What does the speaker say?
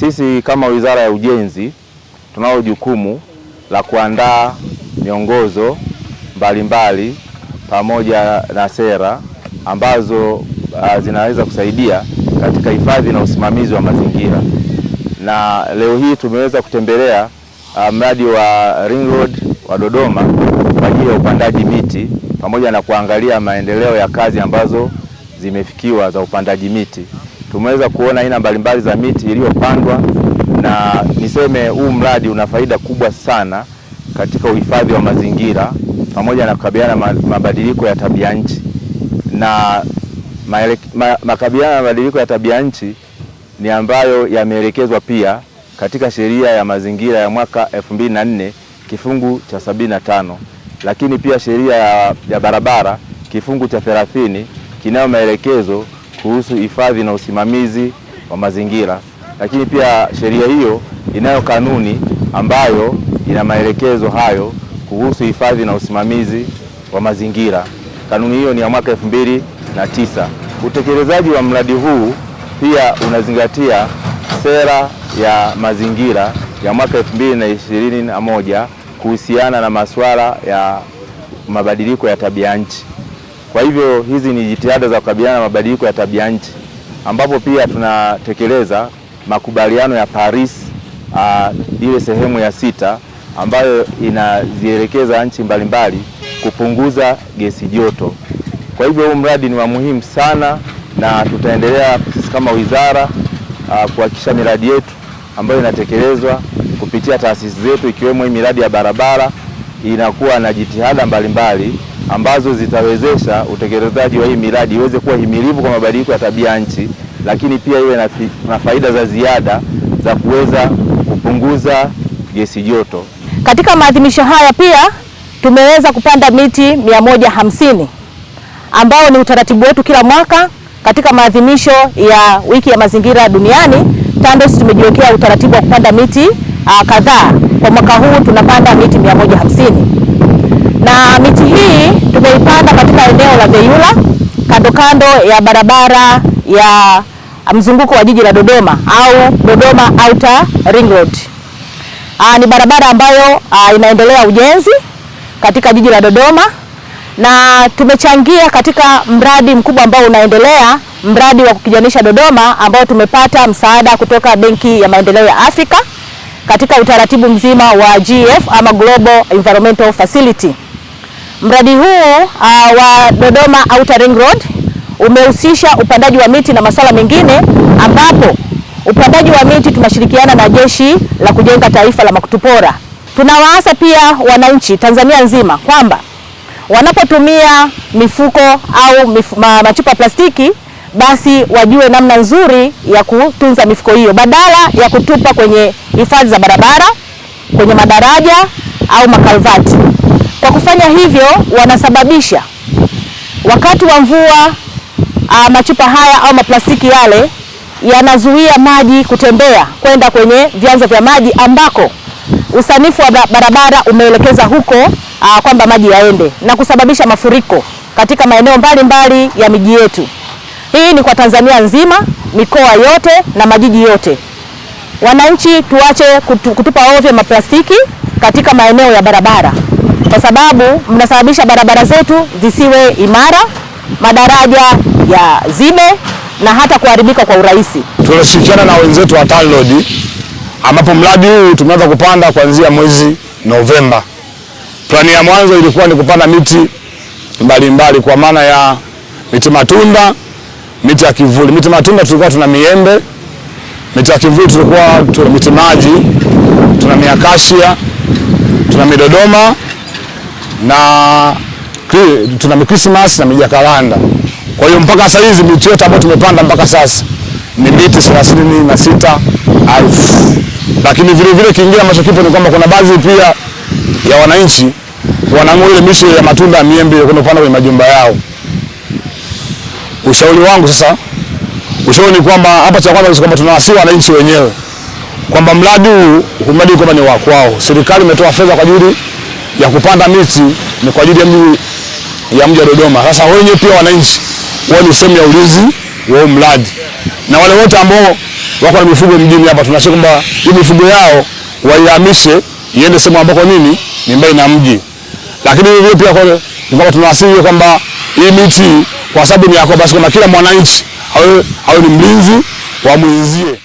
Sisi kama Wizara ya Ujenzi tunalo jukumu la kuandaa miongozo mbalimbali mbali, pamoja na sera ambazo uh, zinaweza kusaidia katika hifadhi na usimamizi wa mazingira, na leo hii tumeweza kutembelea uh, mradi wa Ring Road wa Dodoma kwa ajili ya upandaji miti pamoja na kuangalia maendeleo ya kazi ambazo zimefikiwa za upandaji miti tumeweza kuona aina mbalimbali za miti iliyopandwa, na niseme huu mradi una faida kubwa sana katika uhifadhi wa mazingira pamoja na kukabiliana na mabadiliko ya tabia nchi na makabiliana ya mabadiliko ya tabia nchi ni ambayo yameelekezwa pia katika sheria ya mazingira ya mwaka 2004 kifungu cha 75, lakini pia sheria ya, ya barabara kifungu cha 30 kinayo maelekezo kuhusu hifadhi na usimamizi wa mazingira, lakini pia sheria hiyo inayo kanuni ambayo ina maelekezo hayo kuhusu hifadhi na usimamizi wa mazingira. Kanuni hiyo ni ya mwaka elfu mbili na tisa. Utekelezaji wa mradi huu pia unazingatia sera ya mazingira ya mwaka elfu mbili na ishirini na moja kuhusiana na masuala ya mabadiliko ya tabia nchi. Kwa hivyo hizi ni jitihada za kukabiliana na mabadiliko ya tabia nchi, ambapo pia tunatekeleza makubaliano ya Paris, a, ah, ile sehemu ya sita ambayo inazielekeza nchi mbalimbali kupunguza gesi joto. Kwa hivyo huu mradi ni wa muhimu sana, na tutaendelea sisi kama wizara ah, kuhakikisha miradi yetu ambayo inatekelezwa kupitia taasisi zetu ikiwemo hii miradi ya barabara inakuwa na jitihada mbalimbali mbali, ambazo zitawezesha utekelezaji wa hii miradi iweze kuwa himilivu kwa mabadiliko ya tabia ya nchi, lakini pia iwe na, na faida za ziada za kuweza kupunguza gesi joto. Katika maadhimisho haya pia tumeweza kupanda miti mia moja hamsini ambao ni utaratibu wetu kila mwaka katika maadhimisho ya wiki ya mazingira duniani. TANROADS tumejiwekea utaratibu wa kupanda miti ah, kadhaa. Kwa mwaka huu tunapanda miti mia moja hamsini na miti hii tumeipanda katika eneo la Veyula kando kando ya barabara ya mzunguko wa jiji la Dodoma au Dodoma Outer Ring Road. Aa, ah, ni barabara ambayo aa, ah, inaendelea ujenzi katika jiji la Dodoma na tumechangia katika mradi mkubwa ambao unaendelea, mradi wa kukijanisha Dodoma ambao tumepata msaada kutoka Benki ya Maendeleo ya Afrika katika utaratibu mzima wa GF ama Global Environmental Facility. Mradi huu uh, ah, wa Dodoma Outer Ring Road umehusisha upandaji wa miti na masuala mengine, ambapo upandaji wa miti tunashirikiana na Jeshi la Kujenga Taifa la Makutupora. Tunawaasa pia wananchi Tanzania nzima kwamba wanapotumia mifuko au mifu, ma, machupa plastiki basi wajue namna nzuri ya kutunza mifuko hiyo badala ya kutupa kwenye hifadhi za barabara, kwenye madaraja au makalvati. Kwa kufanya hivyo, wanasababisha wakati wa mvua ah, machupa haya au maplastiki yale yanazuia maji kutembea kwenda kwenye vyanzo vya maji ambako usanifu wa barabara umeelekeza huko ah, kwamba maji yaende na kusababisha mafuriko katika maeneo mbalimbali ya miji yetu. Hii ni kwa Tanzania nzima, mikoa yote na majiji yote. Wananchi tuache kutupa ovyo maplastiki katika maeneo ya barabara kwa sababu mnasababisha barabara zetu zisiwe imara, madaraja ya zibe na hata kuharibika kwa urahisi. Tunashirikiana na wenzetu wa TANROADS ambapo mradi huu tumeanza kupanda kuanzia mwezi Novemba. Plani ya mwanzo ilikuwa ni kupanda miti mbalimbali mbali, kwa maana ya miti matunda, miti ya kivuli. Miti matunda tulikuwa tuna miembe, miti ya kivuli tulikuwa tuna miti maji, tuna miakashia, tuna midodoma na tuna Christmas na mijakaranda. Kwa hiyo mpaka sasa hizi miti yote ambayo tumepanda mpaka sasa ni miti thelathini na sita elfu lakini vilevile kingine ambacho kipo ni kwamba kuna baadhi pia ya wananchi wanang'oa ile miche ya matunda ya miembe kwenda kupanda kwenye majumba yao. Ushauri wangu sasa, ushauri ni kwamba hapa cha kwanza kwamba tunawasii wananchi wenyewe kwamba mradi huu mradi kwamba ni wa kwao, serikali imetoa fedha kwa ajili ya kupanda miti ni kwa ajili ya mji ya mji wa Dodoma. Sasa wenyewe pia wananchi wao ni sehemu ya ulinzi wa mradi, na wale wote ambao wako na mifugo mjini hapa tunasema kwamba hii mifugo yao waihamishe iende sehemu ambako nini ni mbali na mji, lakini hivyo pia kwa tunawasihi kwamba hii miti kwa sababu ni yako, basi kama kila mwananchi awe ni mlinzi wa mwenzie.